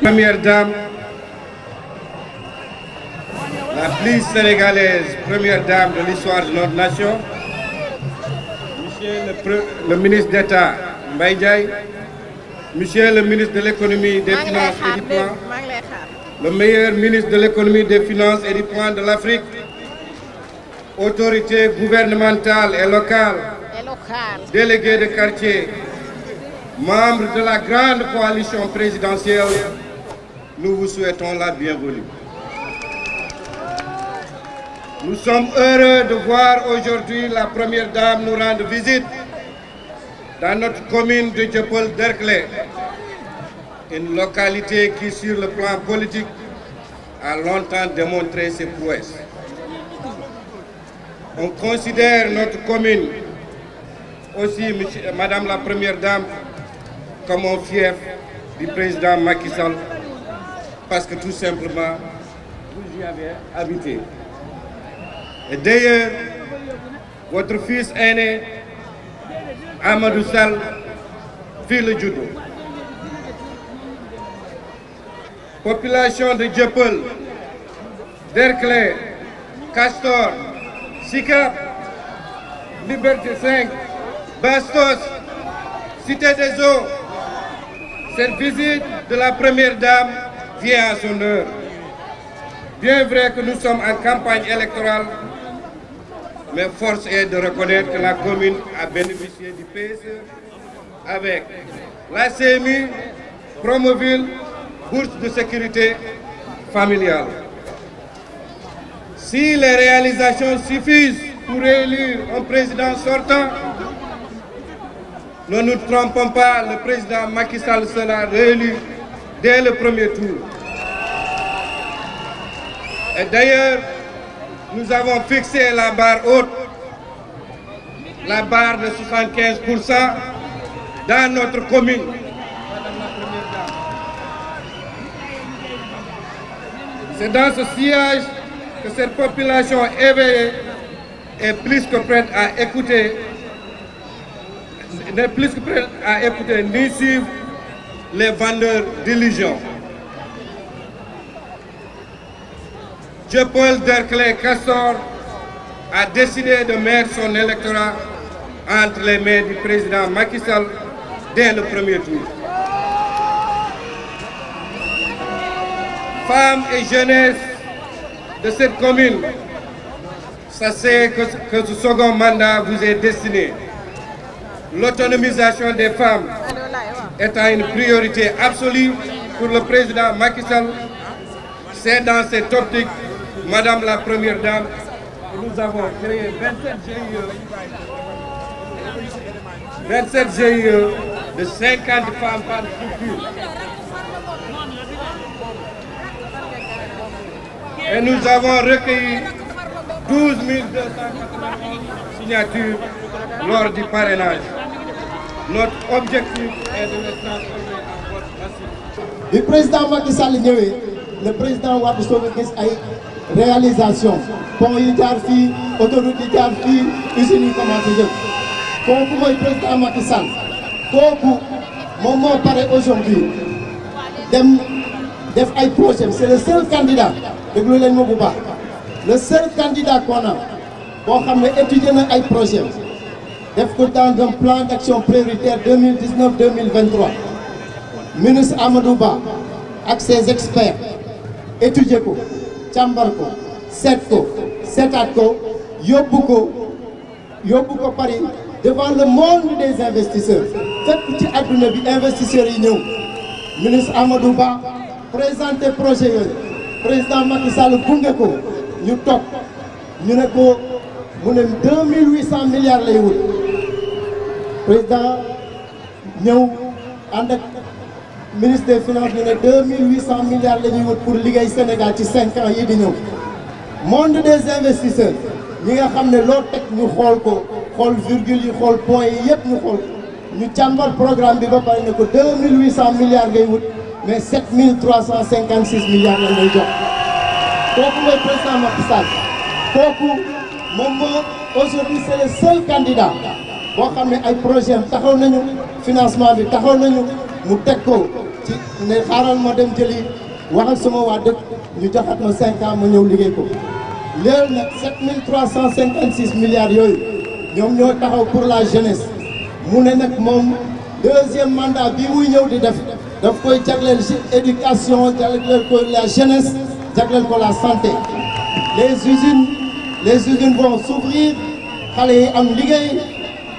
Première dame, la plus sénégalaise, première dame de l'histoire de notre nation, Monsieur le, ministre d'État Mbaye Monsieur le ministre de l'économie, des finances et du point, le meilleur ministre de l'économie, des finances et du point de l'Afrique, autorité gouvernementale et locale délégué de quartier, membres de la grande coalition présidentielle, nous vous souhaitons la bienvenue. Nous sommes heureux de voir aujourd'hui la Première Dame nous rendre visite dans notre commune de Djepol Derkley, une localité qui, sur le plan politique, a longtemps démontré ses prouesses. On considère notre commune, aussi Madame la Première Dame, comme un fief du président Macky Sall parce que tout simplement, vous y avez habité. Et d'ailleurs, votre fils aîné, Amadou Sall, fit le judo. Population de Djepel, Derclay, Castor, Sika, Liberté 5, Bastos, Cité des Eaux, cette visite de la Première Dame vient à son heure. Bien vrai que nous sommes en campagne électorale, mais force est de reconnaître que la commune a bénéficié du PSE avec la CMI, Promoville, bourse de sécurité familiale. Si les réalisations suffisent pour élire un président sortant, ne nous trompons pas, le président Macky Sall sera réélu dès le premier tour. Et d'ailleurs, nous avons fixé la barre haute, la barre de 75% dans notre commune. C'est dans ce sillage que cette population éveillée est plus que prête à écouter n'est plus que prêt à écouter ni suivre les vendeurs d'illusions. Jean-Paul Derclay Castor a décidé de mettre son électorat entre les mains du président Macky Sall dès le premier tour. Femmes et jeunesse de cette commune, sachez que, que ce second mandat vous est destiné. L'autonomisation des femmes étant une priorité absolue pour le président Macky Sall, c'est dans cette optique, Madame la Première Dame, nous avons créé 27 GIE, 27 GIE de 50 femmes par structure. Et nous avons recueilli 12 291 signatures lors du parrainage. Notre objectif est de mettre en vote Le président Macky Sall le président Wade soo une réalisation pour yi autoroute de président Macky Sall aujourd'hui dem projet c'est le seul candidat de leen ma le seul candidat qu'on a pour étudier na ay projet def un plan d'action prioritaire 2019-2023 ministre Amadou Ba ses experts Etujeko, ko càmbar Setko, Yobuko, Yobuko Paris devant le monde des investisseurs fépp ci bi investisseurs yi ministre Amadou Ba projet président Macky Sall nous top. ñu 2800 milliards lay euros président ñeu and ak ministre des finances nous né 2800 milliards de wut pour liguey sénégal ci 5 ans yi monde des investisseurs ñi nga xamné lo tek ñu xol ko xol virgule yi xol point yi yépp ñu xol ñu chambar programme bi ba bari ko 2800 milliards ngay wut mais 7356 milliards lañ lay jox kooku le président Macky Sall kooku aujourd'hui c'est le seul candidat boo xam ay projet taxaw nañu financement bi taxaw nañu mu teg ko ci ne xaaral ma dem jëli wax ak sama waa dëkk ñu joxat ma 5 ans ma ñëw liggéey ko léegi nag 7356 milliards yooyu ñoom ñoo taxaw pour la jeunesse mu ne nag moom deuxième mandat bi muy ñëw di def daf koy jagleel éducation jagleel ko la jeunesse jagleel ko la santé les usines les usines vont s'ouvrir xale yi am liggéey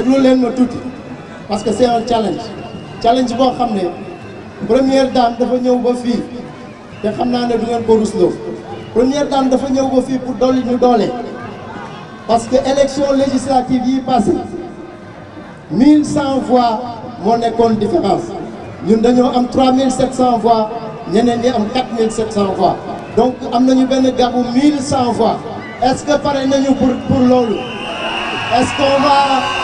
tous, Parce que c'est un challenge. challenge bon, la première dame de venir au fille. Je de que vous La première dame de venir au fille pour nous donner. Parce que l'élection législative est passée. 1100 voix, mon école différence. Nous avons 3700 voix, nous avons 4700 voix. Donc, nous avons 1100 voix. Est-ce que nous sommes pour, pour l'eau Est-ce qu'on va.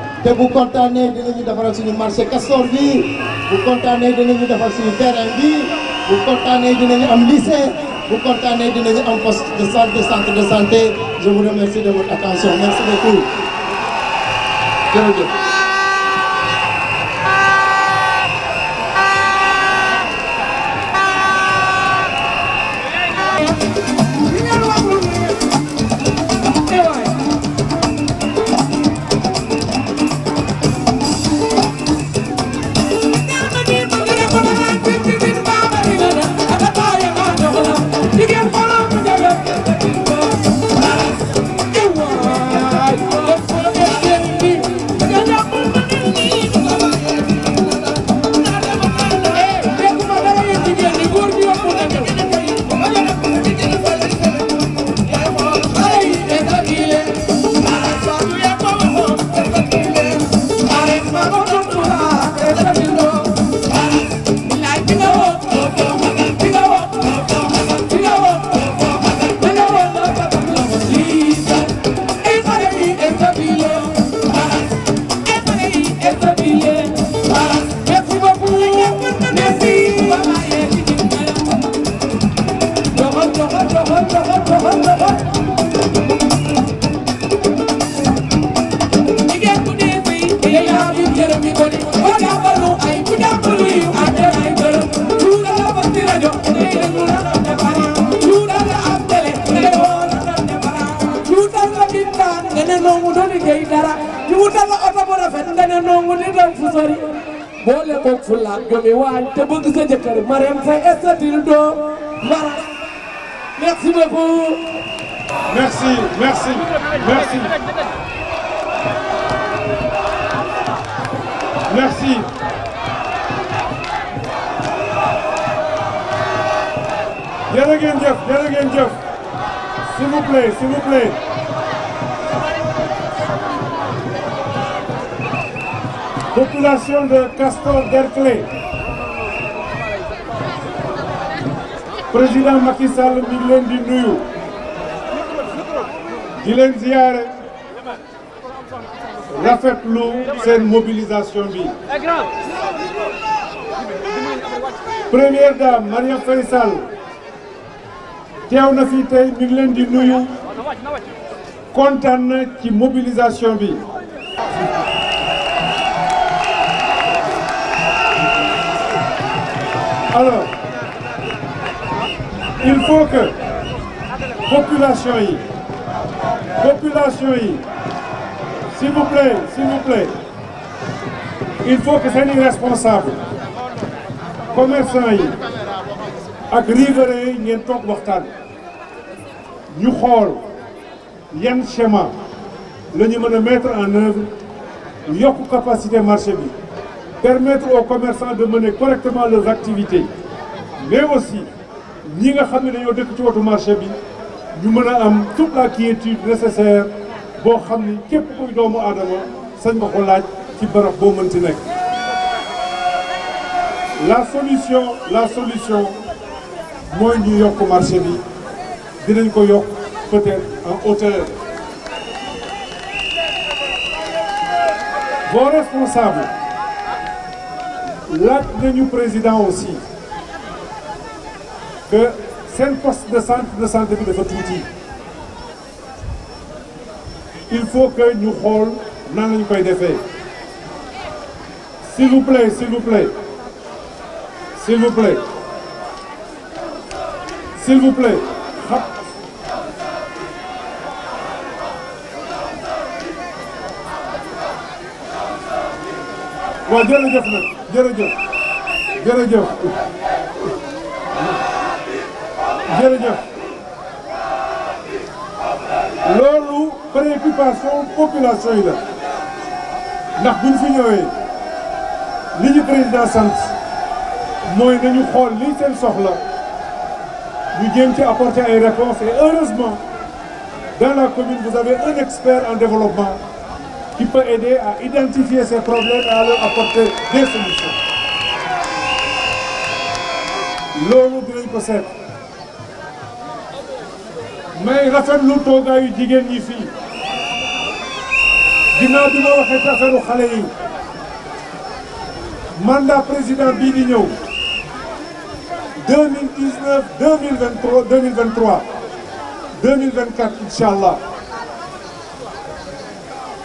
te bu kontaanee dinañu defaral suñu marché Castor bi bu kontaanee dinañu defar suñu terrain bi bu kontaanee dinañu am lycée bu kontaanee dinañu am poste de santé de santé je vous remercie de votre attention merci beaucoup jërëjëf. merci beaucoup merci merci merci merci jërë s'il vous plaît s'il vous plaît population de Castor Derclé. président Macky Sall Dinouyou. Dylan leen di nuyu di leen mobilisation vie. première dame Maria Faisal, Sall a na fi tey qui mobilisation bi alors il faut que population y, population y. s'il vous plaît s'il vous plaît il faut que c'est irresponsable, responsable commerçant yi ak riverains y ngeen toog ñu schéma le numéro de mettre en œuvre une capacité marché permettre aux commerçants de mener correctement leurs activités mais aussi nous avons xam ne dañoo dëkk ci marché bi ñu am toute la quiétude nécessaire pour képp doomu la solution la solution moins ñu New marché bi marché. ko yokk peut-être en hauteur. vos responsables de nous président aussi que le poste de centre de santé de votre outil. il faut que nous dans nan pays des faits. s'il vous plaît s'il vous plaît s'il vous plaît s'il vous plaît jërëjëf jërëjëf jërëjëf loolu préoccupation population yi la ndax buñ fi ñëwee li ñu président sant mooy nañu xool li seen soxla ñu jéem ci apporter ay réponses et heureusement dans la commune vous avez un expert en développement qui peut aider à identifier ces problèmes et à leur apporter des solutions. loolu de ko mais Rafael toogaayu jigéen ñi est ginnaaw bi ma waxee ci affaire xale mandat président Bidigno. 2019 2023 2024 Inch'Allah.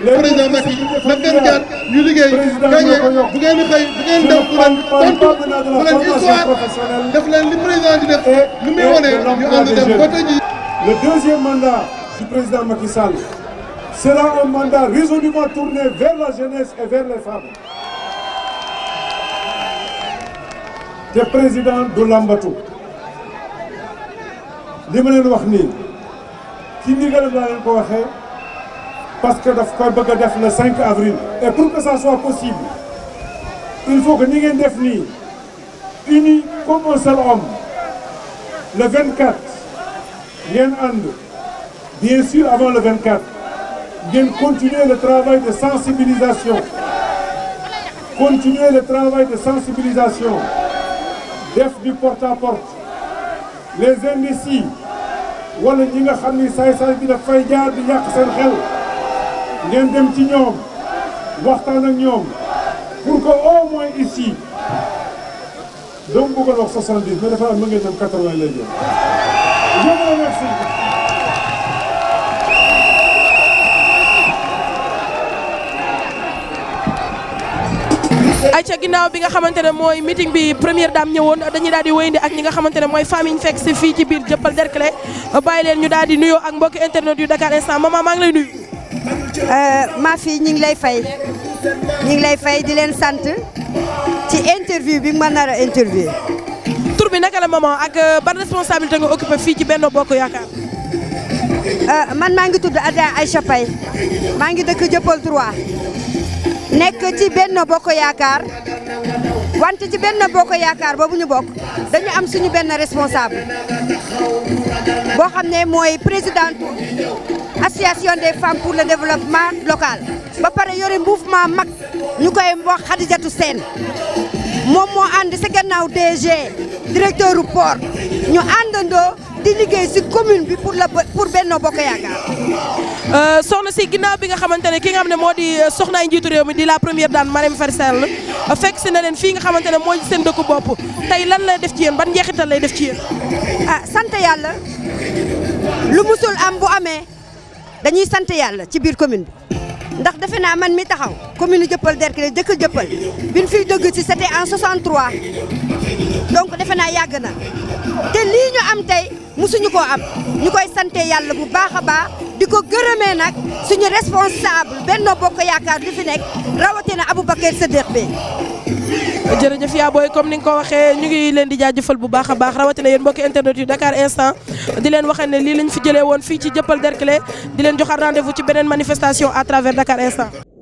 le président Macky le 24 ñu liggéey gagné bu ngeen di xëy bu ngeen di dem bu leen tontu bu leen histoire def leen li président di def lu muy wane ñu ànd dem côté ji. Le deuxième mandat du président Macky Sall sera un mandat résolument tourné vers la jeunesse et vers les femmes. Le président du lambatu li ma leen wax nii ci ndigalam laa leen ko waxee parce que le 5 avril. et pour que ça soit possible il faut que nous soyons unis comme un seul homme le 24 bien sûr avant le 24 bien continuer le travail de sensibilisation continuer le travail de sensibilisation def du porte à porte les indécis ngeen dem ci ñoom waxtaan ak ñoom pour que au moins ici donc bu ko doon wax soixante-dix mais dafa am lu ngeen dem quatre-vingt lay jël. je vous remercie. ay ca ginnaaw bi nga xamante ne mooy meeting bi première dame ñëwoon dañuy daal di wéyandi ak ñi nga xamante ne mooy famille ñu fekk si fii ci biir Jëppal Derklé bàyyi leen ñu daal di nuyoo ak mbokki internet yu Dakar instant maman maa ngi lay nuyu. Euh, ma fille ñu ngi lay fay ñu ngi lay fay di leen sant ci interview bi ma nar a interview. tur bi naka la maman ak euh, ban responsabilité nga occupé fii ci Benno Bokk Yaakaar. Euh, man maa ngi tudd Adja ay Paye maa ngi dëkk Dieuppeul 3 nekk ci Benno Bokk Yaakaar wante ci Benno Bokk Yaakaar boobu ñu bokk dañu am suñu benn responsable boo xam ne mooy présidente association des femmes pour le développement local ba pare yore mouvement mag ñu koy wax Xadijatu Seen moom moo ànd sa gannaaw DG directeur port ñu àndandoo di liggéey si commune bi pour la pour Benno Bokk Yaakaar. Euh, soxna si ginnaaw bi nga xamante ne ki nga xam ne moo di euh, soxnaay njiitu réew mi di la première dame Marième Faye Sall fekk si na leen fii nga xamante ne mooy seen dëkku bopp tey lan lay def ci yéen ba njeexital lay def ci yéen. ah sant yàlla lu musul am bu amee dañuy sant yàlla ci biir commune bi. ndax defe naa man mi taxaw commune Jëppal Derklé jëkk Jëppal bi ñu fiy dëgg si c'était en 63 donc defe naa yàgg na musuñu ko am ñu koy sante yàlla bu baax a baax di ko gërëmee nag suñu responsable Benno Bokk Yaakaar li fi nekk rawatina Aboubacar Sadikh bi jërëjëf yaa booy comme ni nga ko waxee ñu ngi leen di jaajëfal bu baax a baax rawatina yéen mbokki internet yu Dakar instant di leen waxee ne lii lañ fi jëlee woon fii ci Jëppal Derklé di leen joxaat rendez-vous ci beneen manifestation à travers Dakar instant